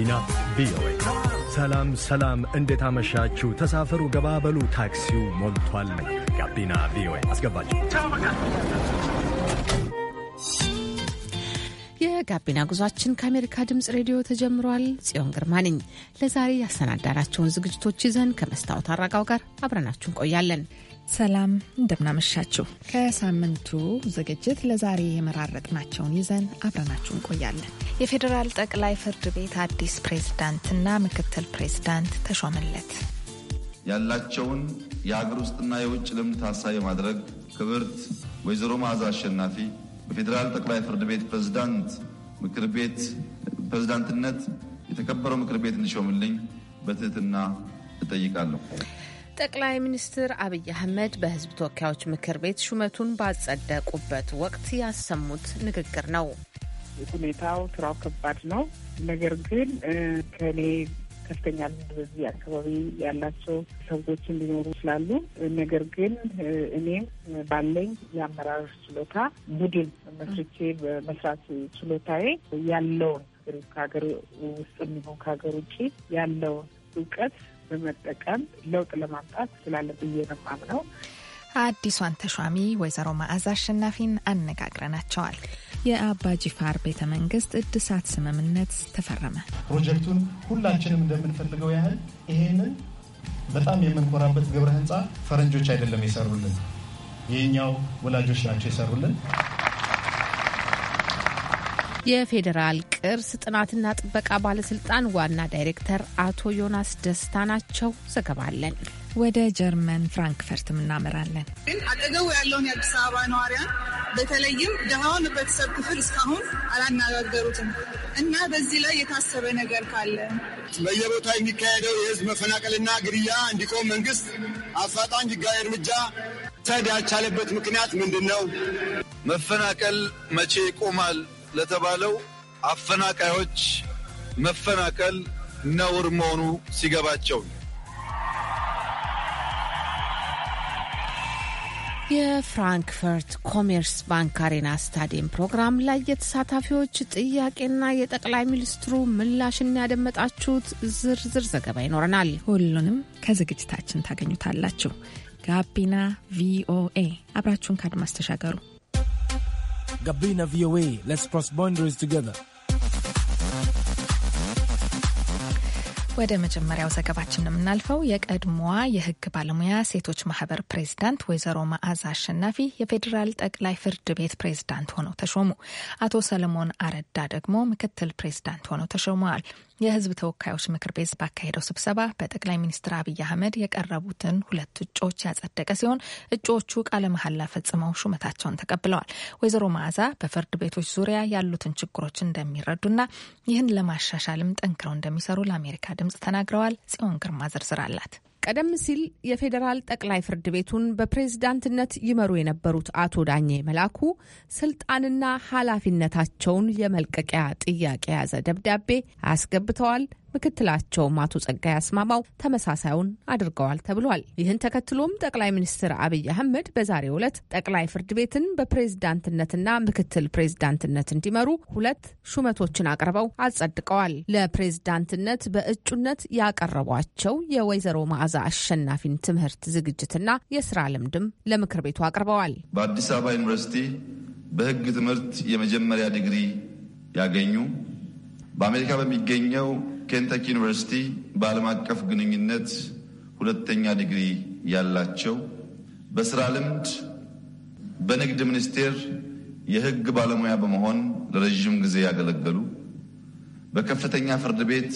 ጋቢና ቪኦኤ። ሰላም ሰላም፣ እንዴት አመሻችሁ? ተሳፈሩ፣ ገባበሉ፣ ታክሲው ሞልቷል። ጋቢና ቪኦኤ አስገባችሁ። የጋቢና ጉዟችን ከአሜሪካ ድምፅ ሬዲዮ ተጀምሯል። ጽዮን ግርማ ነኝ። ለዛሬ ያሰናዳናቸውን ዝግጅቶች ይዘን ከመስታወት አራጋው ጋር አብረናችሁ እንቆያለን። ሰላም እንደምናመሻችሁ። ከሳምንቱ ዝግጅት ለዛሬ የመራረጥናቸውን ይዘን አብረናችሁ እንቆያለን። የፌዴራል ጠቅላይ ፍርድ ቤት አዲስ ፕሬዝዳንትና ምክትል ፕሬዝዳንት ተሾመለት ያላቸውን የሀገር ውስጥና የውጭ ልምድ ታሳቢ ማድረግ ክብርት ወይዘሮ መዓዛ አሸናፊ በፌዴራል ጠቅላይ ፍርድ ቤት ፕሬዝዳንት ምክር ቤት ፕሬዝዳንትነት የተከበረው ምክር ቤት እንዲሾምልኝ በትህትና እጠይቃለሁ። ጠቅላይ ሚኒስትር አብይ አህመድ በህዝብ ተወካዮች ምክር ቤት ሹመቱን ባጸደቁበት ወቅት ያሰሙት ንግግር ነው። ሁኔታው ስራው ከባድ ነው። ነገር ግን ከኔ ከፍተኛ በዚህ አካባቢ ያላቸው ሰዎች ሊኖሩ ይችላሉ። ነገር ግን እኔም ባለኝ የአመራር ችሎታ ቡድን መስርቼ በመስራት ችሎታዬ ያለውን ከሀገር ውስጥ የሚሆን ከሀገር ውጭ ያለውን እውቀት በመጠቀም ለውጥ ለማምጣት ስላለ ብዬ ነው የማምነው። አዲሷን ተሿሚ ወይዘሮ መዓዛ አሸናፊን አነጋግረናቸዋል። የአባ ጂፋር ቤተ መንግስት እድሳት ስምምነት ተፈረመ። ፕሮጀክቱን ሁላችንም እንደምንፈልገው ያህል ይሄንን በጣም የምንኮራበት ግብረ ህንፃ ፈረንጆች አይደለም የሰሩልን፣ የኛው ወላጆች ናቸው የሰሩልን። የፌዴራል ቅርስ ጥናትና ጥበቃ ባለስልጣን ዋና ዳይሬክተር አቶ ዮናስ ደስታ ናቸው። ዘገባለን። ወደ ጀርመን ፍራንክፈርትም እናመራለን። ግን አጠገቡ ያለውን የአዲስ አበባ ነዋሪያን በተለይም ድሃውን ህብረተሰብ ክፍል እስካሁን አላነጋገሩትም እና በዚህ ላይ የታሰበ ነገር ካለ በየቦታ የሚካሄደው የህዝብ መፈናቀልና ግድያ እንዲቆም መንግስት አፋጣኝ ህጋዊ እርምጃ ሰድ ያልቻለበት ምክንያት ምንድን ነው? መፈናቀል መቼ ይቆማል? ለተባለው አፈናቃዮች መፈናቀል ነውር መሆኑ ሲገባቸው የፍራንክፈርት ኮሜርስ ባንክ አሬና ስታዲየም ፕሮግራም ላይ የተሳታፊዎች ጥያቄና የጠቅላይ ሚኒስትሩ ምላሽን ያደመጣችሁት ዝርዝር ዘገባ ይኖረናል። ሁሉንም ከዝግጅታችን ታገኙታላችሁ። ጋቢና ቪኦኤ አብራችሁን ከአድማስ ተሻገሩ። Gabina VOA. Let's cross boundaries together. ወደ መጀመሪያው ዘገባችን የምናልፈው የቀድሞዋ የሕግ ባለሙያ ሴቶች ማህበር ፕሬዚዳንት ወይዘሮ መዓዛ አሸናፊ የፌዴራል ጠቅላይ ፍርድ ቤት ፕሬዚዳንት ሆነው ተሾሙ። አቶ ሰለሞን አረዳ ደግሞ ምክትል ፕሬዚዳንት ሆነው ተሾመዋል። የህዝብ ተወካዮች ምክር ቤት ባካሄደው ስብሰባ በጠቅላይ ሚኒስትር አብይ አህመድ የቀረቡትን ሁለት እጩዎች ያጸደቀ ሲሆን እጩዎቹ ቃለ መሐላ ፈጽመው ሹመታቸውን ተቀብለዋል። ወይዘሮ መዓዛ በፍርድ ቤቶች ዙሪያ ያሉትን ችግሮች እንደሚረዱና ይህን ለማሻሻልም ጠንክረው እንደሚሰሩ ለአሜሪካ ድምጽ ተናግረዋል። ጽዮን ግርማ ዝርዝር አላት። ቀደም ሲል የፌዴራል ጠቅላይ ፍርድ ቤቱን በፕሬዝዳንትነት ይመሩ የነበሩት አቶ ዳኜ መላኩ ስልጣንና ኃላፊነታቸውን የመልቀቂያ ጥያቄ የያዘ ደብዳቤ አስገብተዋል። ምክትላቸውም አቶ ጸጋይ አስማማው ተመሳሳዩን አድርገዋል ተብሏል። ይህን ተከትሎም ጠቅላይ ሚኒስትር አብይ አህመድ በዛሬው ዕለት ጠቅላይ ፍርድ ቤትን በፕሬዝዳንትነትና ምክትል ፕሬዝዳንትነት እንዲመሩ ሁለት ሹመቶችን አቅርበው አጸድቀዋል። ለፕሬዝዳንትነት በእጩነት ያቀረቧቸው የወይዘሮ መዓዛ አሸናፊን ትምህርት ዝግጅትና የስራ ልምድም ለምክር ቤቱ አቅርበዋል። በአዲስ አበባ ዩኒቨርሲቲ በህግ ትምህርት የመጀመሪያ ዲግሪ ያገኙ በአሜሪካ በሚገኘው ኬንታኪ ዩኒቨርሲቲ በዓለም አቀፍ ግንኙነት ሁለተኛ ዲግሪ ያላቸው በስራ ልምድ በንግድ ሚኒስቴር የሕግ ባለሙያ በመሆን ለረዥም ጊዜ ያገለገሉ በከፍተኛ ፍርድ ቤት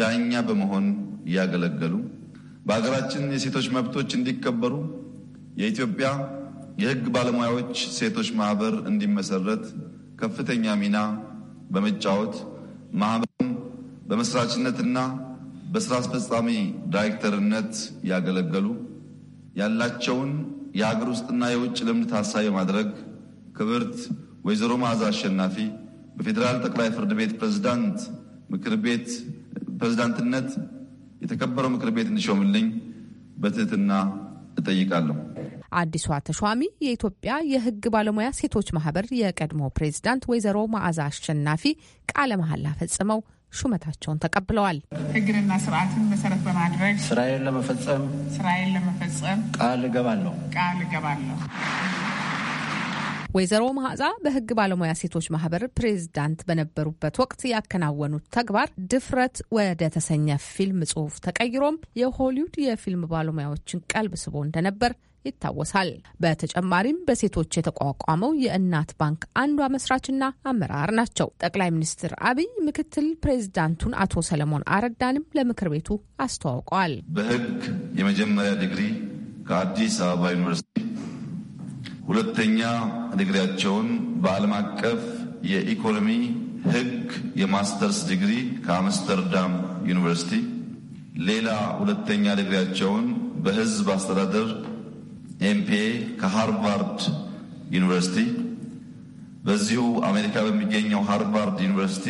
ዳኛ በመሆን ያገለገሉ በሀገራችን የሴቶች መብቶች እንዲከበሩ የኢትዮጵያ የሕግ ባለሙያዎች ሴቶች ማህበር እንዲመሰረት ከፍተኛ ሚና በመጫወት ማህበር በመስራችነትና በስራ አስፈጻሚ ዳይሬክተርነት ያገለገሉ ያላቸውን የሀገር ውስጥና የውጭ ልምድ ታሳቢ ማድረግ ክብርት ወይዘሮ መዓዛ አሸናፊ በፌዴራል ጠቅላይ ፍርድ ቤት ፕሬዝዳንት ምክር ቤት ፕሬዝዳንትነት የተከበረው ምክር ቤት እንዲሾምልኝ በትህትና እጠይቃለሁ። አዲሷ ተሿሚ የኢትዮጵያ የሕግ ባለሙያ ሴቶች ማህበር የቀድሞ ፕሬዝዳንት ወይዘሮ መዓዛ አሸናፊ ቃለ መሐላ ፈጽመው ሹመታቸውን ተቀብለዋል። ህግንና ስርዓትን መሰረት በማድረግ ስራዬን ለመፈጸም ስራዬን ለመፈጸም ቃል እገባለሁ ቃል እገባለሁ። ወይዘሮ መዓዛ በህግ ባለሙያ ሴቶች ማህበር ፕሬዝዳንት በነበሩበት ወቅት ያከናወኑት ተግባር ድፍረት ወደ ተሰኘ ፊልም ጽሁፍ ተቀይሮም የሆሊውድ የፊልም ባለሙያዎችን ቀልብ ስቦ እንደነበር ይታወሳል። በተጨማሪም በሴቶች የተቋቋመው የእናት ባንክ አንዷ መስራችና አመራር ናቸው። ጠቅላይ ሚኒስትር አብይ ምክትል ፕሬዚዳንቱን አቶ ሰለሞን አረዳንም ለምክር ቤቱ አስተዋውቀዋል። በህግ የመጀመሪያ ዲግሪ ከአዲስ አበባ ዩኒቨርሲቲ ሁለተኛ ዲግሪያቸውን በዓለም አቀፍ የኢኮኖሚ ህግ የማስተርስ ዲግሪ ከአምስተርዳም ዩኒቨርሲቲ ሌላ ሁለተኛ ዲግሪያቸውን በህዝብ አስተዳደር ኤምፒኤ ከሃርቫርድ ዩኒቨርሲቲ በዚሁ አሜሪካ በሚገኘው ሃርቫርድ ዩኒቨርሲቲ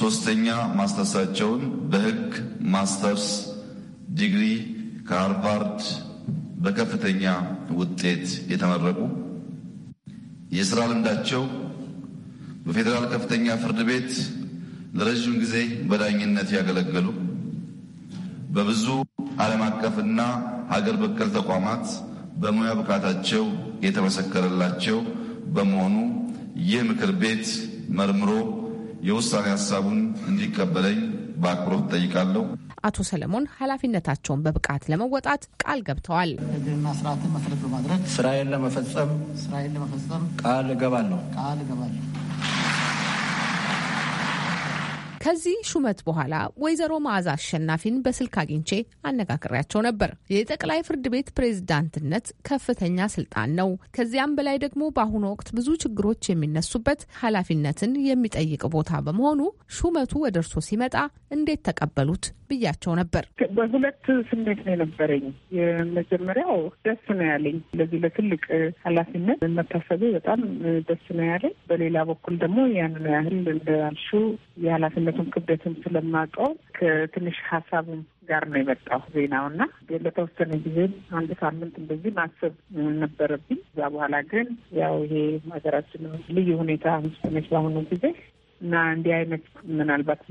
ሶስተኛ ማስተርሳቸውን በህግ ማስተርስ ዲግሪ ከሃርቫርድ በከፍተኛ ውጤት የተመረቁ የስራ ልምዳቸው በፌዴራል ከፍተኛ ፍርድ ቤት ለረዥም ጊዜ በዳኝነት ያገለገሉ በብዙ ዓለም አቀፍና ሀገር በቀል ተቋማት በሙያ ብቃታቸው የተመሰከረላቸው በመሆኑ ይህ ምክር ቤት መርምሮ የውሳኔ ሀሳቡን እንዲቀበለኝ በአክብሮት ጠይቃለሁ። አቶ ሰለሞን ኃላፊነታቸውን በብቃት ለመወጣት ቃል ገብተዋል። ህግና ስርዓትን መሰረት በማድረግ ስራዬን ለመፈጸም ቃል እገባለሁ ቃል እገባለሁ ከዚህ ሹመት በኋላ ወይዘሮ መዓዛ አሸናፊን በስልክ አግኝቼ አነጋግሬያቸው ነበር። የጠቅላይ ፍርድ ቤት ፕሬዝዳንትነት ከፍተኛ ስልጣን ነው። ከዚያም በላይ ደግሞ በአሁኑ ወቅት ብዙ ችግሮች የሚነሱበት ኃላፊነትን የሚጠይቅ ቦታ በመሆኑ ሹመቱ ወደ እርሶ ሲመጣ እንዴት ተቀበሉት ብያቸው ነበር። በሁለት ስሜት ነው የነበረኝ። የመጀመሪያው ደስ ነው ያለኝ ለዚህ ለትልቅ ኃላፊነት መታሰብ በጣም ደስ ነው ያለኝ። በሌላ በኩል ደግሞ ያንን ያህል እንዳልሽው የኃላፊነቱን ክብደትም ስለማውቀው ከትንሽ ሀሳብም ጋር ነው የመጣው ዜናው እና ለተወሰነ ጊዜ አንድ ሳምንት እንደዚህ ማሰብ ነበረብኝ። እዛ በኋላ ግን ያው ይሄ ሀገራችን ልዩ ሁኔታ ውስጥ በአሁኑ ጊዜ እና እንዲህ አይነት ምናልባት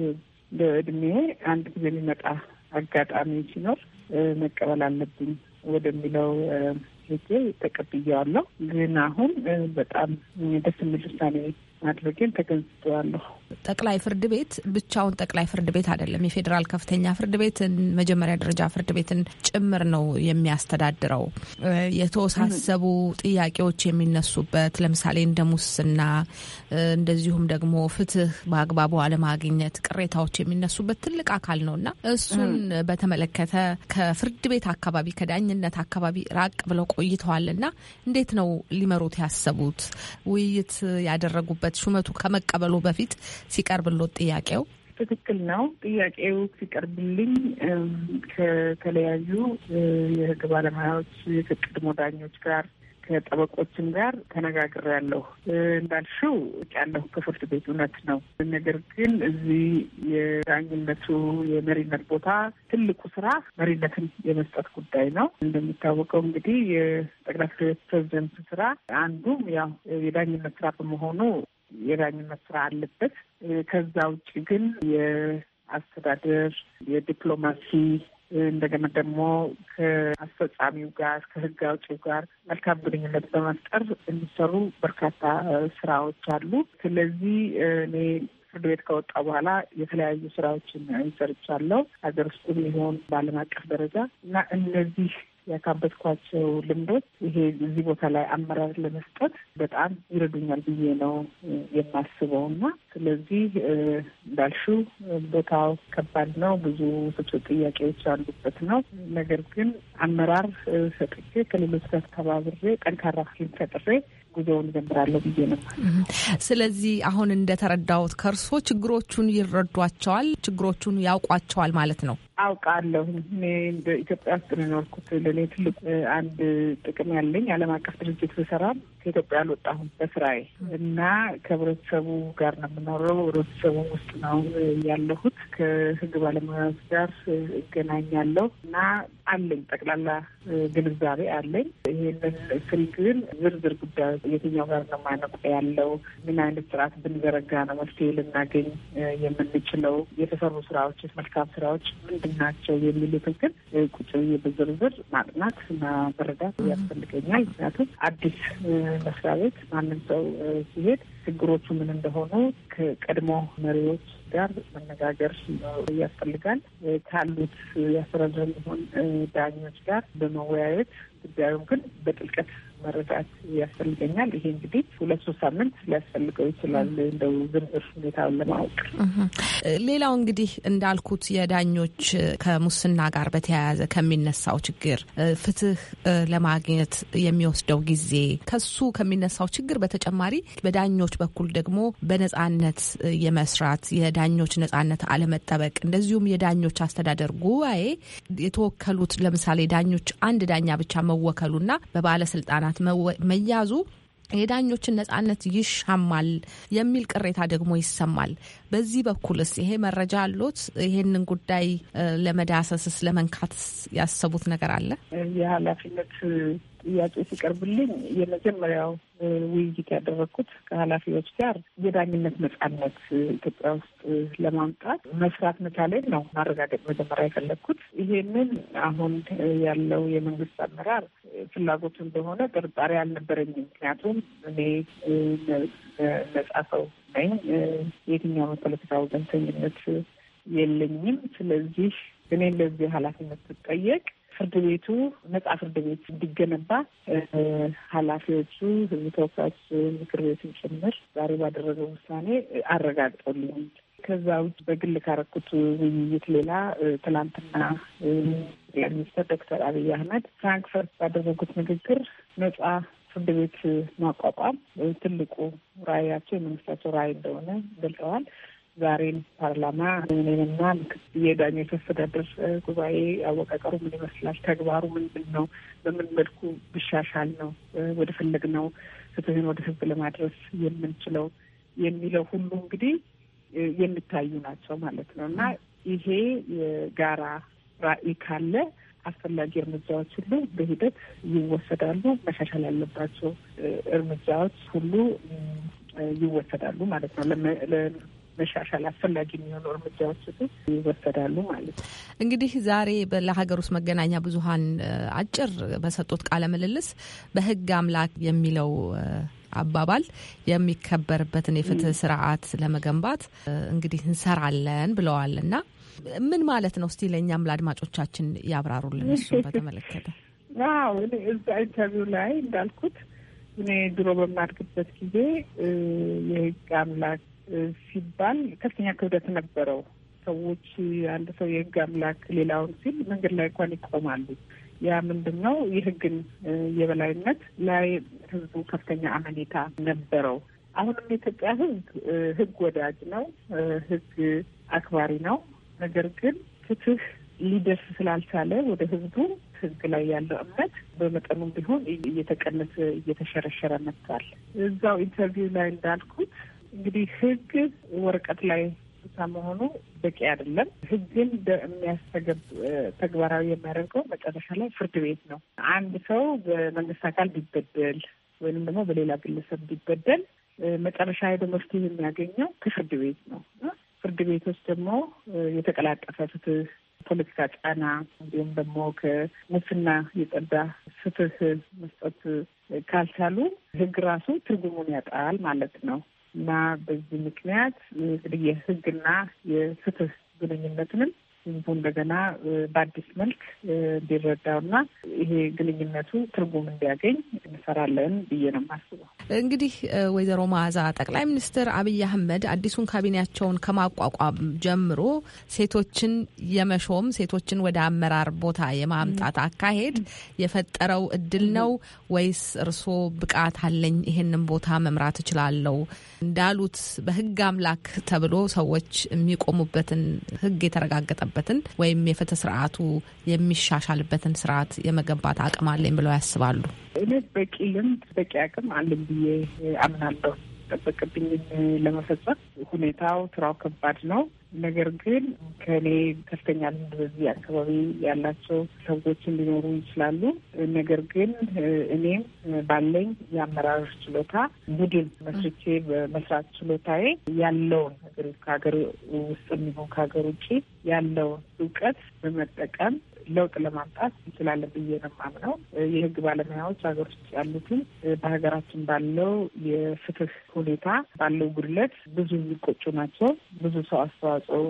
በእድሜ አንድ ጊዜ የሚመጣ አጋጣሚ ሲኖር መቀበል አለብኝ ወደሚለው ሄጄ ተቀብያዋለሁ። ግን አሁን በጣም ደስ የሚል ውሳኔ ማድረጌን ተገንዝተዋለሁ። ጠቅላይ ፍርድ ቤት ብቻውን ጠቅላይ ፍርድ ቤት አይደለም። የፌዴራል ከፍተኛ ፍርድ ቤትን፣ መጀመሪያ ደረጃ ፍርድ ቤትን ጭምር ነው የሚያስተዳድረው። የተወሳሰቡ ጥያቄዎች የሚነሱበት ለምሳሌ እንደ ሙስና፣ እንደዚሁም ደግሞ ፍትህ በአግባቡ አለማግኘት ቅሬታዎች የሚነሱበት ትልቅ አካል ነው እና እሱን በተመለከተ ከፍርድ ቤት አካባቢ ከዳኝነት አካባቢ ራቅ ብለው ቆይተዋል እና እንዴት ነው ሊመሩት ያሰቡት ውይይት ያደረጉበት ያለበት ሹመቱ ከመቀበሉ በፊት ሲቀርብሎት ጥያቄው? ትክክል ነው። ጥያቄው ሲቀርብልኝ ከተለያዩ የህግ ባለሙያዎች የቀድሞ ዳኞች ጋር ከጠበቆችም ጋር ተነጋግሬያለሁ። እንዳልሽው ያለሁ ከፍርድ ቤት እውነት ነው። ነገር ግን እዚህ የዳኝነቱ የመሪነት ቦታ ትልቁ ስራ መሪነትን የመስጠት ጉዳይ ነው። እንደሚታወቀው እንግዲህ የጠቅላይ ፍርድ ቤት ፕሬዚደንት ስራ አንዱም ያው የዳኝነት ስራ በመሆኑ የዳኝነት ስራ አለበት። ከዛ ውጭ ግን የአስተዳደር የዲፕሎማሲ እንደገና ደግሞ ከአስፈጻሚው ጋር ከህግ አውጪው ጋር መልካም ግንኙነት በመፍጠር የሚሰሩ በርካታ ስራዎች አሉ። ስለዚህ እኔ ፍርድ ቤት ከወጣ በኋላ የተለያዩ ስራዎችን ሰርቻለሁ። ሀገር ውስጥ ሊሆን በዓለም አቀፍ ደረጃ እና እነዚህ ያካበትኳቸው ልምዶች ይሄ እዚህ ቦታ ላይ አመራር ለመስጠት በጣም ይረዱኛል ብዬ ነው የማስበው እና ስለዚህ እንዳልሹ ቦታው ከባድ ነው፣ ብዙ ስብስብ ጥያቄዎች ያሉበት ነው። ነገር ግን አመራር ሰጥቼ ከሌሎች ጋር ተባብሬ ጠንካራ ፊልም ፈጥሬ ጉዞውን ጀምራለሁ ብዬ ነው። ስለዚህ አሁን እንደተረዳሁት ከእርሶ ችግሮቹን ይረዷቸዋል፣ ችግሮቹን ያውቋቸዋል ማለት ነው። አውቃለሁ። እኔ በኢትዮጵያ ውስጥ ነው የኖርኩት። ለእኔ ትልቅ አንድ ጥቅም ያለኝ ዓለም አቀፍ ድርጅት ብሰራም ከኢትዮጵያ አልወጣሁም በስራዬ እና ከህብረተሰቡ ጋር ነው የምኖረው። ህብረተሰቡ ውስጥ ነው ያለሁት። ከህግ ባለሙያዎች ጋር እገናኛለሁ እና አለኝ ጠቅላላ ግንዛቤ አለኝ። ይህንን ስል ግን ዝርዝር ጉዳዩ የትኛው ጋር ነው ማነቆ ያለው፣ ምን አይነት ስርዓት ብንዘረጋ ነው መፍትሄ ልናገኝ የምንችለው፣ የተሰሩ ስራዎች፣ መልካም ስራዎች ምንድን ናቸው የሚሉትን ግን ቁጭ ብዬ በዝርዝር ማጥናት እና መረዳት ያስፈልገኛል። ምክንያቱም አዲስ በስራ ቤት ማንም ሰው ሲሄድ ችግሮቹ ምን እንደሆኑ ከቀድሞ መሪዎች ጋር መነጋገር ያስፈልጋል። ካሉት ያስተዳደር ሆን ዳኞች ጋር በመወያየት ጉዳዩም ግን በጥልቀት መረዳት ያስፈልገኛል። ይሄ እንግዲህ ሁለት ሶስት ሳምንት ሊያስፈልገው ይችላል እንደው ዝርዝር ሁኔታውን ለማወቅ። ሌላው እንግዲህ እንዳልኩት የዳኞች ከሙስና ጋር በተያያዘ ከሚነሳው ችግር ፍትህ ለማግኘት የሚወስደው ጊዜ ከሱ ከሚነሳው ችግር በተጨማሪ በዳኞች በኩል ደግሞ በነጻነት የመስራት የዳኞች ነጻነት አለመጠበቅ፣ እንደዚሁም የዳኞች አስተዳደር ጉባኤ የተወከሉት ለምሳሌ ዳኞች አንድ ዳኛ ብቻ መወከሉና በባለስልጣናት መያዙ የዳኞችን ነጻነት ይሻማል የሚል ቅሬታ ደግሞ ይሰማል። በዚህ በኩልስ ይሄ መረጃ አሉት? ይሄንን ጉዳይ ለመዳሰስስ ለመንካትስ ያሰቡት ነገር አለ? የኃላፊነት ጥያቄ ሲቀርብልኝ የመጀመሪያው ውይይት ያደረግኩት ከኃላፊዎች ጋር የዳኝነት ነጻነት ኢትዮጵያ ውስጥ ለማምጣት መስራት መቻሌን ነው ማረጋገጥ መጀመሪያ የፈለግኩት። ይሄንን አሁን ያለው የመንግስት አመራር ፍላጎት እንደሆነ ጥርጣሬ አልነበረኝም። ምክንያቱም እኔ ነጻ ሰው ነኝ፣ የትኛውን የፖለቲካ ወገንተኝነት የለኝም። ስለዚህ እኔ ለዚህ ኃላፊነት ስጠየቅ ፍርድ ቤቱ ነጻ ፍርድ ቤት እንዲገነባ ኃላፊዎቹ ህዝብ ተወካዮች ምክር ቤትን ጭምር ዛሬ ባደረገው ውሳኔ አረጋግጦልኛል። ከዛ ውጭ በግል ካረኩት ውይይት ሌላ ትናንትና ጠቅላይ ሚኒስትር ዶክተር አብይ አህመድ ፍራንክፈርት ባደረጉት ንግግር ነጻ ፍርድ ቤት ማቋቋም ትልቁ ራዕያቸው የመንግስታቸው ራዕይ እንደሆነ ገልጸዋል። ዛሬን ፓርላማ እኔንና የዳኞች አስተዳደር ጉባኤ አወቃቀሩ ምን ይመስላል፣ ተግባሩ ምንድን ነው፣ በምን መልኩ ብሻሻል ነው ወደ ፈለግነው ፍትህን ወደ ህዝብ ለማድረስ የምንችለው የሚለው ሁሉ እንግዲህ የሚታዩ ናቸው ማለት ነው እና ይሄ የጋራ ራዕይ ካለ አስፈላጊ እርምጃዎች ሁሉ በሂደት ይወሰዳሉ። መሻሻል ያለባቸው እርምጃዎች ሁሉ ይወሰዳሉ ማለት ነው። መሻሻል አስፈላጊ የሚሆኑ እርምጃዎች ይወሰዳሉ ማለት ነው። እንግዲህ ዛሬ ለሀገር ውስጥ መገናኛ ብዙኃን አጭር በሰጡት ቃለ ምልልስ በህግ አምላክ የሚለው አባባል የሚከበርበትን የፍትህ ስርዓት ለመገንባት እንግዲህ እንሰራለን ብለዋል እና ምን ማለት ነው? እስቲ ለእኛም ለአድማጮቻችን ያብራሩልን እሱን በተመለከተ። አዎ እዛ ኢንተርቪው ላይ እንዳልኩት እኔ ድሮ በማድግበት ጊዜ የህግ አምላክ ሲባል ከፍተኛ ክብደት ነበረው። ሰዎች አንድ ሰው የህግ አምላክ ሌላውን ሲል መንገድ ላይ እንኳን ይቆማሉ። ያ ምንድን ነው? የህግን የበላይነት ላይ ህዝቡ ከፍተኛ አመኔታ ነበረው። አሁንም የኢትዮጵያ ህዝብ ህግ ወዳጅ ነው፣ ህግ አክባሪ ነው። ነገር ግን ፍትህ ሊደርስ ስላልቻለ ወደ ህዝቡ ህግ ላይ ያለው እምነት በመጠኑም ቢሆን እየተቀነሰ እየተሸረሸረ መጥቷል። እዛው ኢንተርቪው ላይ እንዳልኩት እንግዲህ ህግ ወረቀት ላይ ብቻ መሆኑ በቂ አይደለም። ህግን በሚያስተገብ ተግባራዊ የሚያደርገው መጨረሻ ላይ ፍርድ ቤት ነው። አንድ ሰው በመንግስት አካል ቢበደል ወይንም ደግሞ በሌላ ግለሰብ ቢበደል መጨረሻ ሄዶ መፍትሄ የሚያገኘው ከፍርድ ቤት ነው። ፍርድ ቤቶች ደግሞ የተቀላጠፈ ፍትህ፣ ፖለቲካ ጫና እንዲሁም ደግሞ ከሙስና የጸዳ ፍትህ መስጠት ካልቻሉ ህግ ራሱ ትርጉሙን ያጣል ማለት ነው። እና በዚህ ምክንያት የህግና የፍትህ ግንኙነትንም ህዝቡ እንደገና በአዲስ መልክ እንዲረዳውና ይሄ ግንኙነቱ ትርጉም እንዲያገኝ እንሰራለን ብዬ ነው የማስበው። እንግዲህ ወይዘሮ መዓዛ ጠቅላይ ሚኒስትር አብይ አህመድ አዲሱን ካቢኔያቸውን ከማቋቋም ጀምሮ ሴቶችን የመሾም ሴቶችን ወደ አመራር ቦታ የማምጣት አካሄድ የፈጠረው እድል ነው ወይስ እርስዎ ብቃት አለኝ ይሄንን ቦታ መምራት እችላለሁ እንዳሉት በህግ አምላክ ተብሎ ሰዎች የሚቆሙበትን ህግ የተረጋገጠበት ያለበትን ወይም የፍትህ ስርዓቱ የሚሻሻልበትን ስርዓት የመገንባት አቅም አለኝ ብለው ያስባሉ? እኔ በቂ ልምድ በቂ አቅም አለኝ ብዬ አምናለሁ። የሚጠበቅብኝን ለመፈጸም ሁኔታው ስራው ከባድ ነው። ነገር ግን ከእኔ ከፍተኛ ልምድ በዚህ አካባቢ ያላቸው ሰዎችን ሊኖሩ ይችላሉ። ነገር ግን እኔም ባለኝ የአመራር ችሎታ ቡድን መስርቼ በመስራት ችሎታዬ ያለውን ሀገር ከሀገር ውስጥ የሚሆን ከሀገር ውጭ ያለውን እውቀት በመጠቀም ለውጥ ለማምጣት እንችላለን ብዬ ነው የማምነው። የህግ ባለሙያዎች ሀገር ውስጥ ያሉትን በሀገራችን ባለው የፍትህ ሁኔታ ባለው ጉድለት ብዙ የሚቆጩ ናቸው። ብዙ ሰው አስተዋጽኦ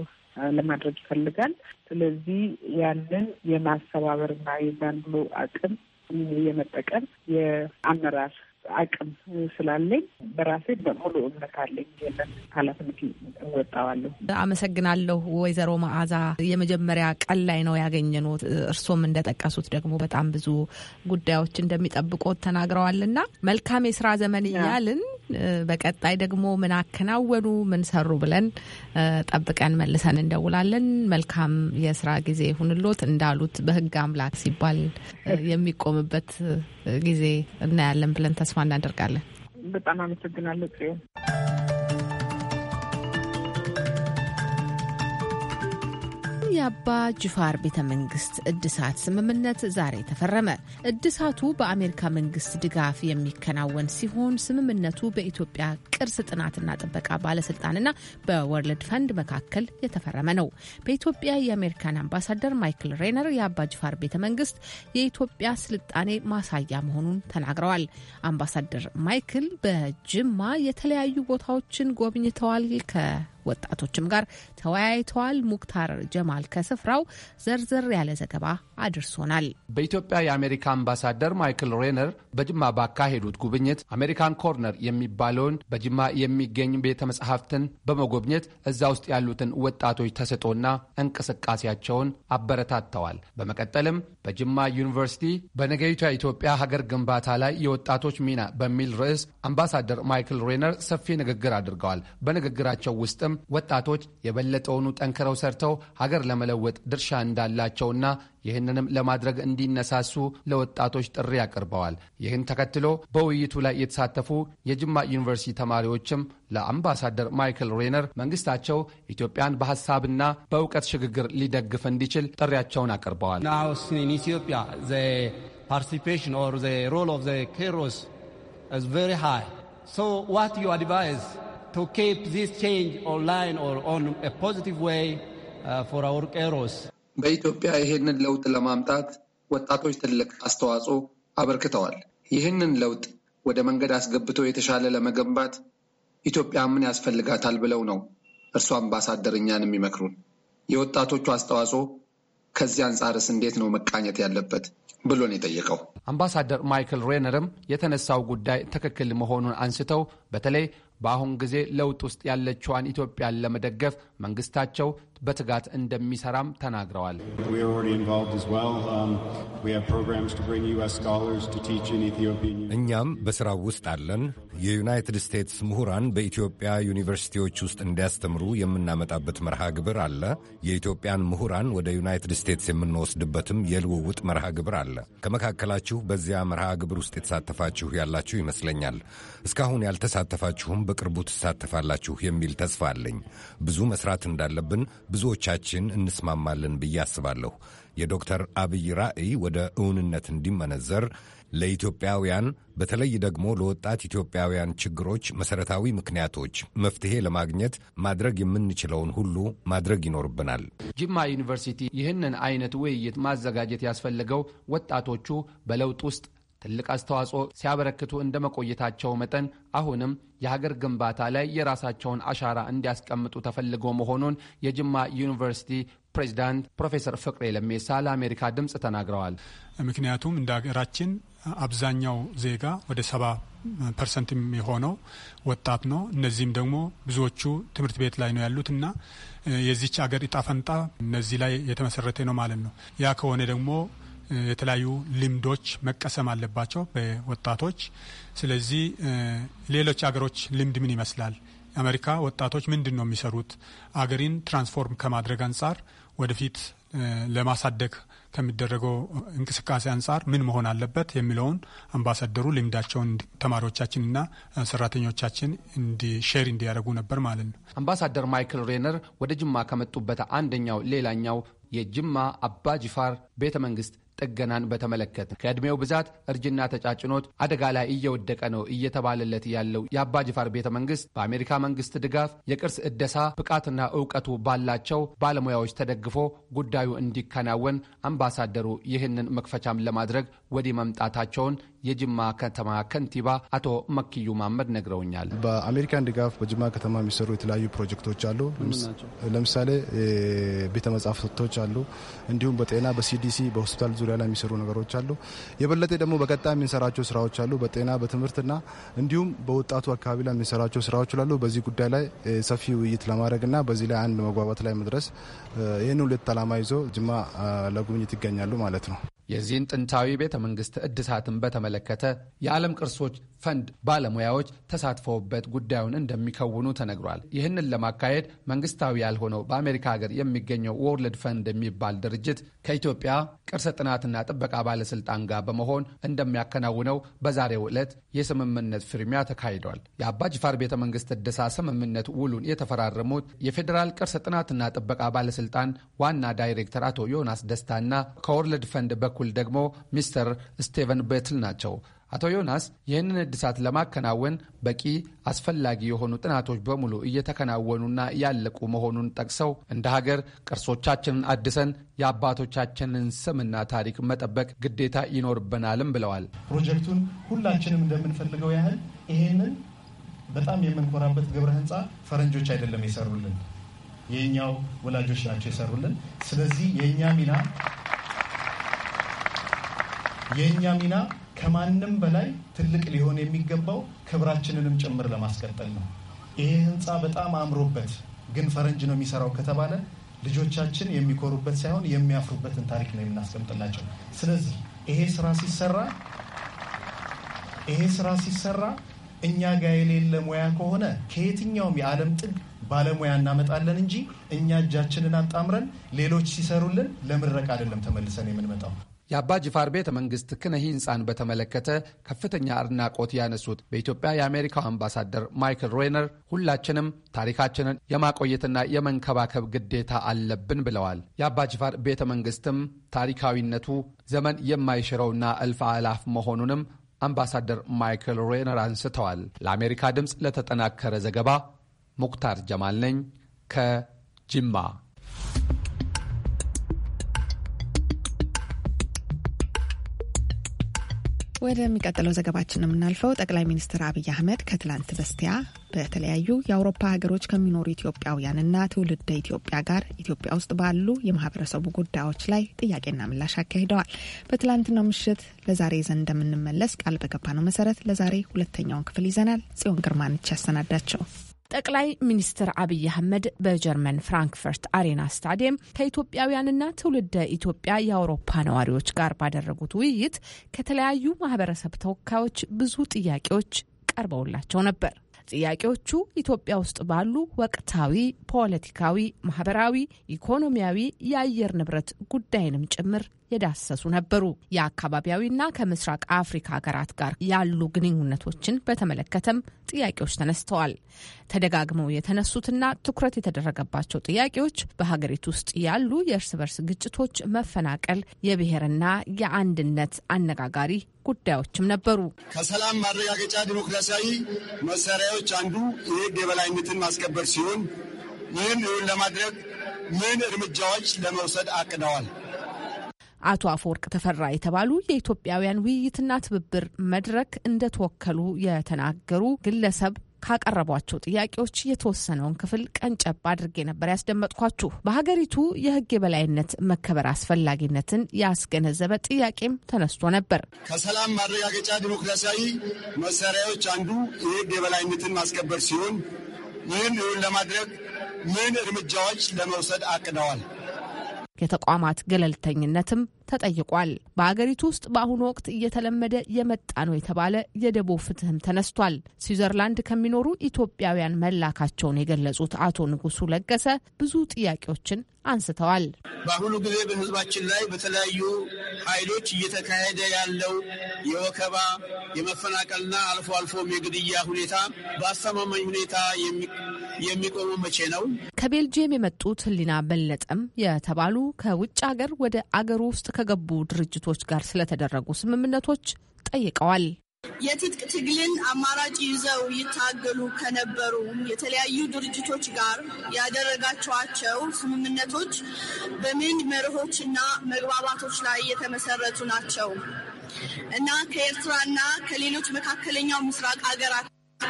ለማድረግ ይፈልጋል። ስለዚህ ያንን የማስተባበርና የዛን ብሎ አቅም የመጠቀም የአመራር አቅም ስላለኝ በራሴ በሙሉ እምነት አለኝ። ይህንን ኃላፊነት እወጣዋለሁ። አመሰግናለሁ ወይዘሮ መዓዛ። የመጀመሪያ ቀን ላይ ነው ያገኘኑት። እርስዎም እንደጠቀሱት ደግሞ በጣም ብዙ ጉዳዮች እንደሚጠብቆት ተናግረዋልና መልካም የስራ ዘመን እያልን በቀጣይ ደግሞ ምን አከናወኑ፣ ምን ሰሩ ብለን ጠብቀን መልሰን እንደውላለን። መልካም የስራ ጊዜ ሁንሎት እንዳሉት በህግ አምላክ ሲባል የሚቆምበት ጊዜ እናያለን ብለን ተስፋ ተስፋ እናደርጋለን። በጣም አመሰግናለሁ ጽዮን። የአባ ጅፋር ቤተ መንግስት እድሳት ስምምነት ዛሬ ተፈረመ። እድሳቱ በአሜሪካ መንግስት ድጋፍ የሚከናወን ሲሆን ስምምነቱ በኢትዮጵያ ቅርስ ጥናትና ጥበቃ ባለስልጣንና በወርልድ ፈንድ መካከል የተፈረመ ነው። በኢትዮጵያ የአሜሪካን አምባሳደር ማይክል ሬነር የአባ ጅፋር ቤተ መንግስት የኢትዮጵያ ስልጣኔ ማሳያ መሆኑን ተናግረዋል። አምባሳደር ማይክል በጅማ የተለያዩ ቦታዎችን ጎብኝተዋል። ከ ወጣቶችም ጋር ተወያይተዋል። ሙክታር ጀማል ከስፍራው ዘርዘር ያለ ዘገባ አድርሶናል። በኢትዮጵያ የአሜሪካ አምባሳደር ማይክል ሬነር በጅማ ባካሄዱት ጉብኝት አሜሪካን ኮርነር የሚባለውን በጅማ የሚገኝ ቤተ መጽሐፍትን በመጎብኘት እዛ ውስጥ ያሉትን ወጣቶች ተሰጦና እንቅስቃሴያቸውን አበረታተዋል። በመቀጠልም በጅማ ዩኒቨርሲቲ በነገይቷ ኢትዮጵያ ሀገር ግንባታ ላይ የወጣቶች ሚና በሚል ርዕስ አምባሳደር ማይክል ሬነር ሰፊ ንግግር አድርገዋል። በንግግራቸው ውስጥም ወጣቶች የበለጠውኑ ጠንክረው ሰርተው ሀገር ለመለወጥ ድርሻ እንዳላቸውና ይህንንም ለማድረግ እንዲነሳሱ ለወጣቶች ጥሪ አቅርበዋል። ይህን ተከትሎ በውይይቱ ላይ የተሳተፉ የጅማ ዩኒቨርሲቲ ተማሪዎችም ለአምባሳደር ማይክል ሬነር መንግስታቸው ኢትዮጵያን በሀሳብና በእውቀት ሽግግር ሊደግፍ እንዲችል ጥሪያቸውን አቅርበዋል። ኢትዮጵያ ፓርቲሲፔሽን ኦር ሮል ኦፍ ኬሮስ is very high. So what you advise to በኢትዮጵያ ይህንን ለውጥ ለማምጣት ወጣቶች ትልቅ አስተዋጽኦ አበርክተዋል። ይህንን ለውጥ ወደ መንገድ አስገብቶ የተሻለ ለመገንባት ኢትዮጵያ ምን ያስፈልጋታል ብለው ነው እርሱ አምባሳደር እኛን የሚመክሩን። የወጣቶቹ አስተዋጽኦ ከዚህ አንጻርስ እንዴት ነው መቃኘት ያለበት ብሎ ነው የጠየቀው። አምባሳደር ማይክል ሬነርም የተነሳው ጉዳይ ትክክል መሆኑን አንስተው በተለይ በአሁን ጊዜ ለውጥ ውስጥ ያለችዋን ኢትዮጵያን ለመደገፍ መንግስታቸው በትጋት እንደሚሰራም ተናግረዋል። um, እኛም በሥራው ውስጥ አለን። የዩናይትድ ስቴትስ ምሁራን በኢትዮጵያ ዩኒቨርሲቲዎች ውስጥ እንዲያስተምሩ የምናመጣበት መርሃ ግብር አለ። የኢትዮጵያን ምሁራን ወደ ዩናይትድ ስቴትስ የምንወስድበትም የልውውጥ መርሃ ግብር አለ። ከመካከላችሁ በዚያ መርሃ ግብር ውስጥ የተሳተፋችሁ ያላችሁ ይመስለኛል። እስካሁን ያልተሳተፋችሁም በቅርቡ ትሳተፋላችሁ የሚል ተስፋ አለኝ። ብዙ መስራት እንዳለብን ብዙዎቻችን እንስማማለን ብዬ አስባለሁ። የዶክተር አብይ ራዕይ ወደ እውንነት እንዲመነዘር ለኢትዮጵያውያን በተለይ ደግሞ ለወጣት ኢትዮጵያውያን ችግሮች መሰረታዊ ምክንያቶች መፍትሄ ለማግኘት ማድረግ የምንችለውን ሁሉ ማድረግ ይኖርብናል። ጅማ ዩኒቨርሲቲ ይህንን አይነት ውይይት ማዘጋጀት ያስፈልገው ወጣቶቹ በለውጥ ውስጥ ትልቅ አስተዋጽኦ ሲያበረክቱ እንደ መቆየታቸው መጠን አሁንም የሀገር ግንባታ ላይ የራሳቸውን አሻራ እንዲያስቀምጡ ተፈልጎ መሆኑን የጅማ ዩኒቨርሲቲ ፕሬዚዳንት ፕሮፌሰር ፍቅሬ ለሜሳ ለአሜሪካ ድምፅ ተናግረዋል። ምክንያቱም እንደ ሀገራችን አብዛኛው ዜጋ ወደ ሰባ ፐርሰንት የሆነው ወጣት ነው። እነዚህም ደግሞ ብዙዎቹ ትምህርት ቤት ላይ ነው ያሉት እና የዚች አገር እጣ ፈንታ እነዚህ ላይ የተመሰረተ ነው ማለት ነው ያ ከሆነ ደግሞ የተለያዩ ልምዶች መቀሰም አለባቸው በወጣቶች። ስለዚህ ሌሎች አገሮች ልምድ ምን ይመስላል? አሜሪካ ወጣቶች ምንድን ነው የሚሰሩት? አገሪን ትራንስፎርም ከማድረግ አንጻር ወደፊት ለማሳደግ ከሚደረገው እንቅስቃሴ አንጻር ምን መሆን አለበት የሚለውን አምባሳደሩ ልምዳቸውን ተማሪዎቻችንና ሰራተኞቻችን እንዲሼር እንዲያደርጉ ነበር ማለት ነው። አምባሳደር ማይክል ሬነር ወደ ጅማ ከመጡበት አንደኛው ሌላኛው የጅማ አባ ጅፋር ቤተ መንግስት ጥገናን በተመለከተ ከዕድሜው ብዛት እርጅና ተጫጭኖት አደጋ ላይ እየወደቀ ነው እየተባለለት ያለው የአባጅፋር ቤተ መንግስት በአሜሪካ መንግስት ድጋፍ የቅርስ እደሳ ብቃትና እውቀቱ ባላቸው ባለሙያዎች ተደግፎ ጉዳዩ እንዲከናወን አምባሳደሩ ይህንን መክፈቻም ለማድረግ ወዲህ መምጣታቸውን የጅማ ከተማ ከንቲባ አቶ መክዩ ማመድ ነግረውኛል። በአሜሪካን ድጋፍ በጅማ ከተማ የሚሰሩ የተለያዩ ፕሮጀክቶች አሉ። ለምሳሌ ቤተ መጻሕፍቶች አሉ። እንዲሁም በጤና በሲዲሲ በሆስፒታል ዙሪያ ላይ የሚሰሩ ነገሮች አሉ። የበለጠ ደግሞ በቀጣይ የምንሰራቸው ስራዎች አሉ። በጤና በትምህርትና እንዲሁም በወጣቱ አካባቢ ላይ የምንሰራቸው ስራዎች ላሉ በዚህ ጉዳይ ላይ ሰፊ ውይይት ለማድረግና በዚህ ላይ አንድ መግባባት ላይ መድረስ ይህን ሁለት ዓላማ ይዞ ጅማ ለጉብኝት ይገኛሉ ማለት ነው። የዚህን ጥንታዊ ቤተ መንግስት እድሳትን በተመለከተ የዓለም ቅርሶች ፈንድ ባለሙያዎች ተሳትፈውበት ጉዳዩን እንደሚከውኑ ተነግሯል። ይህንን ለማካሄድ መንግስታዊ ያልሆነው በአሜሪካ ሀገር የሚገኘው ወርልድ ፈንድ የሚባል ድርጅት ከኢትዮጵያ ቅርስ ጥናትና ጥበቃ ባለስልጣን ጋር በመሆን እንደሚያከናውነው በዛሬው ዕለት የስምምነት ፍርሚያ ተካሂዷል። የአባጅፋር ቤተ መንግስት እደሳ ስምምነት ውሉን የተፈራረሙት የፌዴራል ቅርስ ጥናትና ጥበቃ ባለስልጣን ዋና ዳይሬክተር አቶ ዮናስ ደስታና ከወርልድ ፈንድ በኩል ደግሞ ሚስተር ስቴቨን ቤትል ናቸው። አቶ ዮናስ ይህንን እድሳት ለማከናወን በቂ አስፈላጊ የሆኑ ጥናቶች በሙሉ እየተከናወኑና እያለቁ መሆኑን ጠቅሰው እንደ ሀገር ቅርሶቻችንን አድሰን የአባቶቻችንን ስምና ታሪክ መጠበቅ ግዴታ ይኖርብናልም ብለዋል። ፕሮጀክቱን ሁላችንም እንደምንፈልገው ያህል ይህንን በጣም የምንኮራበት ግብረ ህንፃ ፈረንጆች አይደለም የሰሩልን፣ የእኛው ወላጆች ናቸው የሰሩልን። ስለዚህ የእኛ ሚና የእኛ ሚና ከማንም በላይ ትልቅ ሊሆን የሚገባው ክብራችንንም ጭምር ለማስቀጠል ነው። ይሄ ህንፃ በጣም አምሮበት ግን ፈረንጅ ነው የሚሰራው ከተባለ ልጆቻችን የሚኮሩበት ሳይሆን የሚያፍሩበትን ታሪክ ነው የምናስቀምጥላቸው። ስለዚህ ይሄ ስራ ሲሰራ ይሄ ስራ ሲሰራ እኛ ጋ የሌለ ሙያ ከሆነ ከየትኛውም የዓለም ጥግ ባለሙያ እናመጣለን እንጂ እኛ እጃችንን አጣምረን ሌሎች ሲሰሩልን ለምረቅ አይደለም ተመልሰን የምንመጣው። የአባ ጅፋር ቤተ መንግስት ክነሂ ህንፃን በተመለከተ ከፍተኛ አድናቆት ያነሱት በኢትዮጵያ የአሜሪካው አምባሳደር ማይክል ሬነር ሁላችንም ታሪካችንን የማቆየትና የመንከባከብ ግዴታ አለብን ብለዋል። የአባ ጅፋር ቤተ መንግስትም ታሪካዊነቱ ዘመን የማይሽረውና እልፍ አላፍ መሆኑንም አምባሳደር ማይክል ሬነር አንስተዋል። ለአሜሪካ ድምፅ ለተጠናከረ ዘገባ ሙክታር ጀማል ነኝ ከጅማ ወደሚቀጥለው ዘገባችን የምናልፈው ጠቅላይ ሚኒስትር አብይ አህመድ ከትላንት በስቲያ በተለያዩ የአውሮፓ ሀገሮች ከሚኖሩ ኢትዮጵያውያንና ትውልደ ኢትዮጵያ ጋር ኢትዮጵያ ውስጥ ባሉ የማህበረሰቡ ጉዳዮች ላይ ጥያቄና ምላሽ አካሂደዋል። በትላንትናው ምሽት ለዛሬ ይዘን እንደምንመለስ ቃል በገባ ነው መሰረት ለዛሬ ሁለተኛውን ክፍል ይዘናል። ጽዮን ግርማነች ያሰናዳቸው ጠቅላይ ሚኒስትር አብይ አህመድ በጀርመን ፍራንክፈርት አሬና ስታዲየም ከኢትዮጵያውያንና ትውልደ ኢትዮጵያ የአውሮፓ ነዋሪዎች ጋር ባደረጉት ውይይት ከተለያዩ ማህበረሰብ ተወካዮች ብዙ ጥያቄዎች ቀርበውላቸው ነበር። ጥያቄዎቹ ኢትዮጵያ ውስጥ ባሉ ወቅታዊ ፖለቲካዊ፣ ማህበራዊ፣ ኢኮኖሚያዊ የአየር ንብረት ጉዳይንም ጭምር የዳሰሱ ነበሩ። የአካባቢያዊና ከምስራቅ አፍሪካ ሀገራት ጋር ያሉ ግንኙነቶችን በተመለከተም ጥያቄዎች ተነስተዋል። ተደጋግመው የተነሱትና ትኩረት የተደረገባቸው ጥያቄዎች በሀገሪቱ ውስጥ ያሉ የእርስ በርስ ግጭቶች፣ መፈናቀል፣ የብሔርና የአንድነት አነጋጋሪ ጉዳዮችም ነበሩ። ከሰላም ማረጋገጫ ዲሞክራሲያዊ መሳሪያዎች አንዱ የህግ የበላይነትን ማስከበር ሲሆን ይህን እውን ለማድረግ ምን እርምጃዎች ለመውሰድ አቅደዋል? አቶ አፈወርቅ ተፈራ የተባሉ የኢትዮጵያውያን ውይይትና ትብብር መድረክ እንደተወከሉ የተናገሩ ግለሰብ ካቀረቧቸው ጥያቄዎች የተወሰነውን ክፍል ቀንጨብ አድርጌ ነበር ያስደመጥኳችሁ። በሀገሪቱ የሕግ የበላይነት መከበር አስፈላጊነትን ያስገነዘበ ጥያቄም ተነስቶ ነበር። ከሰላም ማረጋገጫ ዲሞክራሲያዊ መሳሪያዎች አንዱ የሕግ የበላይነትን ማስከበር ሲሆን ይህን ይሁን ለማድረግ ምን እርምጃዎች ለመውሰድ አቅደዋል? የተቋማት ገለልተኝነትም ተጠይቋል። በአገሪቱ ውስጥ በአሁኑ ወቅት እየተለመደ የመጣ ነው የተባለ የደቦ ፍትህም ተነስቷል። ስዊዘርላንድ ከሚኖሩ ኢትዮጵያውያን መላካቸውን የገለጹት አቶ ንጉሱ ለገሰ ብዙ ጥያቄዎችን አንስተዋል። በአሁኑ ጊዜ በህዝባችን ላይ በተለያዩ ኃይሎች እየተካሄደ ያለው የወከባ የመፈናቀልና አልፎ አልፎም የግድያ ሁኔታ በአስተማማኝ ሁኔታ የሚቆሙ መቼ ነው? ከቤልጅየም የመጡት ህሊና በለጠም የተባሉ ከውጭ ሀገር ወደ አገር ውስጥ ከገቡ ድርጅቶች ጋር ስለተደረጉ ስምምነቶች ጠይቀዋል። የትጥቅ ትግልን አማራጭ ይዘው ይታገሉ ከነበሩ የተለያዩ ድርጅቶች ጋር ያደረጋቸዋቸው ስምምነቶች በምን መርሆችና መግባባቶች ላይ የተመሰረቱ ናቸው እና ከኤርትራና ከሌሎች መካከለኛው ምስራቅ ሀገራት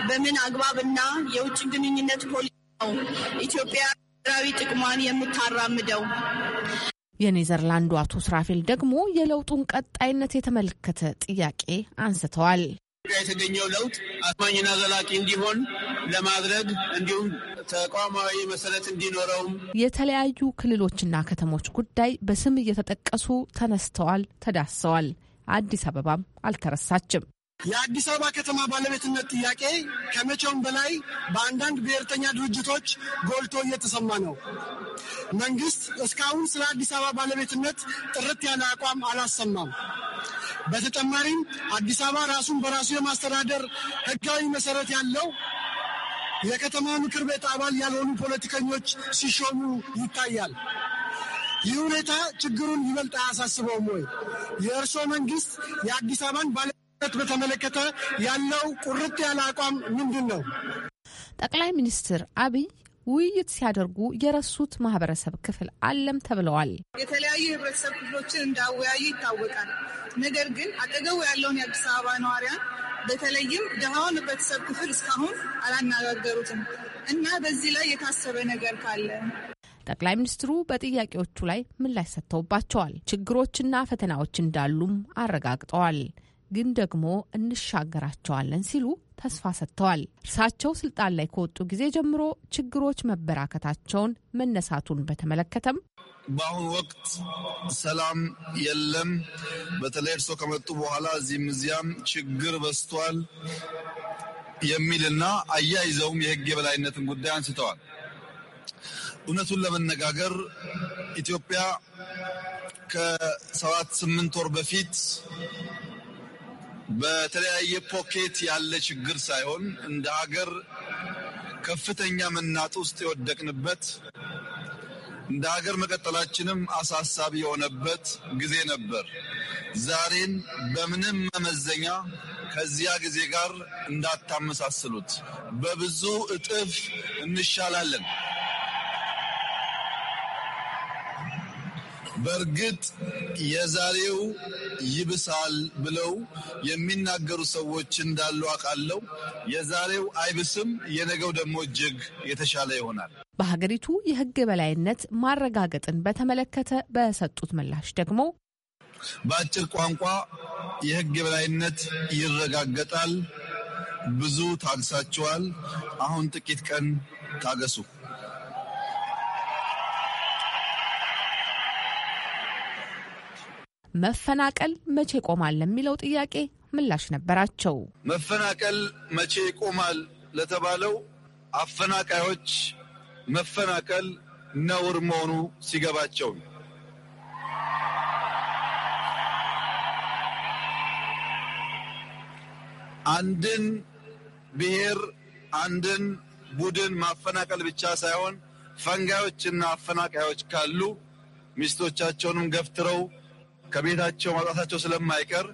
በምን አግባብና የውጭ ግንኙነት ፖሊሲ ነው ኢትዮጵያ ብሔራዊ ጥቅሟን የምታራምደው? የኔዘርላንዱ አቶ ስራፌል ደግሞ የለውጡን ቀጣይነት የተመለከተ ጥያቄ አንስተዋል። የተገኘው ለውጥ አስማኝና ዘላቂ እንዲሆን ለማድረግ እንዲሁም ተቋማዊ መሰረት እንዲኖረውም የተለያዩ ክልሎችና ከተሞች ጉዳይ በስም እየተጠቀሱ ተነስተዋል፣ ተዳሰዋል። አዲስ አበባም አልተረሳችም። የአዲስ አበባ ከተማ ባለቤትነት ጥያቄ ከመቼውም በላይ በአንዳንድ ብሔርተኛ ድርጅቶች ጎልቶ እየተሰማ ነው። መንግስት እስካሁን ስለ አዲስ አበባ ባለቤትነት ጥርት ያለ አቋም አላሰማም። በተጨማሪም አዲስ አበባ ራሱን በራሱ የማስተዳደር ህጋዊ መሰረት ያለው የከተማ ምክር ቤት አባል ያልሆኑ ፖለቲከኞች ሲሾሙ ይታያል። ይህ ሁኔታ ችግሩን ይበልጥ አያሳስበውም ወይ? የእርስዎ መንግስት የአዲስ አበባን ባለ በተመለከተ ያለው ቁርጥ ያለ አቋም ምንድን ነው? ጠቅላይ ሚኒስትር አብይ ውይይት ሲያደርጉ የረሱት ማህበረሰብ ክፍል አለም ተብለዋል። የተለያዩ የህብረተሰብ ክፍሎችን እንዳወያዩ ይታወቃል። ነገር ግን አጠገቡ ያለውን የአዲስ አበባ ነዋሪያን በተለይም ድሃውን ህብረተሰብ ክፍል እስካሁን አላነጋገሩትም እና በዚህ ላይ የታሰበ ነገር ካለ ጠቅላይ ሚኒስትሩ በጥያቄዎቹ ላይ ምላሽ ሰጥተውባቸዋል። ችግሮችና ፈተናዎች እንዳሉም አረጋግጠዋል። ግን ደግሞ እንሻገራቸዋለን ሲሉ ተስፋ ሰጥተዋል። እርሳቸው ስልጣን ላይ ከወጡ ጊዜ ጀምሮ ችግሮች መበራከታቸውን መነሳቱን በተመለከተም በአሁኑ ወቅት ሰላም የለም። በተለይ እርሶ ከመጡ በኋላ እዚህም እዚያም ችግር በስቷል የሚልና አያይዘውም የሕግ የበላይነትን ጉዳይ አንስተዋል። እውነቱን ለመነጋገር ኢትዮጵያ ከሰባት ስምንት ወር በፊት በተለያየ ፖኬት ያለ ችግር ሳይሆን እንደ ሀገር ከፍተኛ መናጥ ውስጥ የወደቅንበት እንደ ሀገር መቀጠላችንም አሳሳቢ የሆነበት ጊዜ ነበር። ዛሬን በምንም መመዘኛ ከዚያ ጊዜ ጋር እንዳታመሳስሉት፣ በብዙ እጥፍ እንሻላለን። በእርግጥ የዛሬው ይብሳል ብለው የሚናገሩ ሰዎች እንዳሉ አውቃለሁ። የዛሬው አይብስም፣ የነገው ደግሞ እጅግ የተሻለ ይሆናል። በሀገሪቱ የሕግ የበላይነት ማረጋገጥን በተመለከተ በሰጡት ምላሽ ደግሞ በአጭር ቋንቋ የሕግ የበላይነት ይረጋገጣል። ብዙ ታግሳችኋል። አሁን ጥቂት ቀን ታገሱ። መፈናቀል መቼ ይቆማል ለሚለው ጥያቄ ምላሽ ነበራቸው። መፈናቀል መቼ ይቆማል ለተባለው አፈናቃዮች መፈናቀል ነውር መሆኑ ሲገባቸው ነው። አንድን ብሔር አንድን ቡድን ማፈናቀል ብቻ ሳይሆን ፈንጋዮችና አፈናቃዮች ካሉ ሚስቶቻቸውንም ገፍትረው ከቤታቸው ማውጣታቸው ስለማይቀር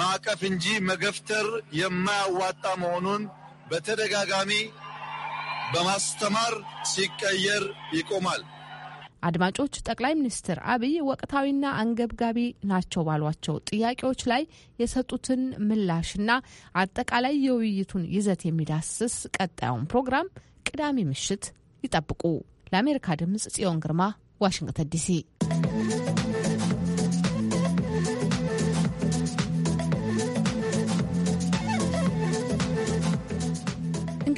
ማዕቀፍ እንጂ መገፍተር የማያዋጣ መሆኑን በተደጋጋሚ በማስተማር ሲቀየር ይቆማል። አድማጮች፣ ጠቅላይ ሚኒስትር አብይ ወቅታዊና አንገብጋቢ ናቸው ባሏቸው ጥያቄዎች ላይ የሰጡትን ምላሽና አጠቃላይ የውይይቱን ይዘት የሚዳስስ ቀጣዩን ፕሮግራም ቅዳሜ ምሽት ይጠብቁ። ለአሜሪካ ድምፅ ጽዮን ግርማ ዋሽንግተን ዲሲ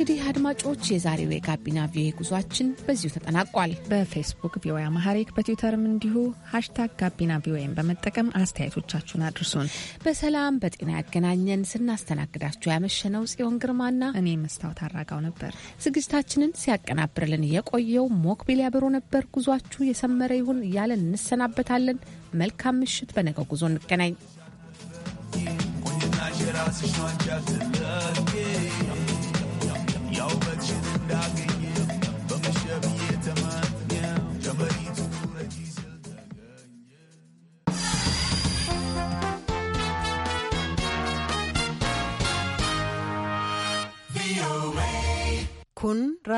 እንግዲህ አድማጮች የዛሬው የጋቢና ቪኦኤ ጉዟችን በዚሁ ተጠናቋል። በፌስቡክ ቪኦኤ አማሐሪክ በትዊተርም እንዲሁ ሀሽታግ ጋቢና ቪኦኤን በመጠቀም አስተያየቶቻችሁን አድርሱን። በሰላም በጤና ያገናኘን። ስናስተናግዳችሁ ያመሸነው ጽዮን ግርማና እኔ መስታወት አራጋው ነበር። ዝግጅታችንን ሲያቀናብርልን የቆየው ሞክቢል ያበሮ ነበር። ጉዟችሁ የሰመረ ይሁን እያለን እንሰናበታለን። መልካም ምሽት። በነገው ጉዞ እንገናኝ። Kun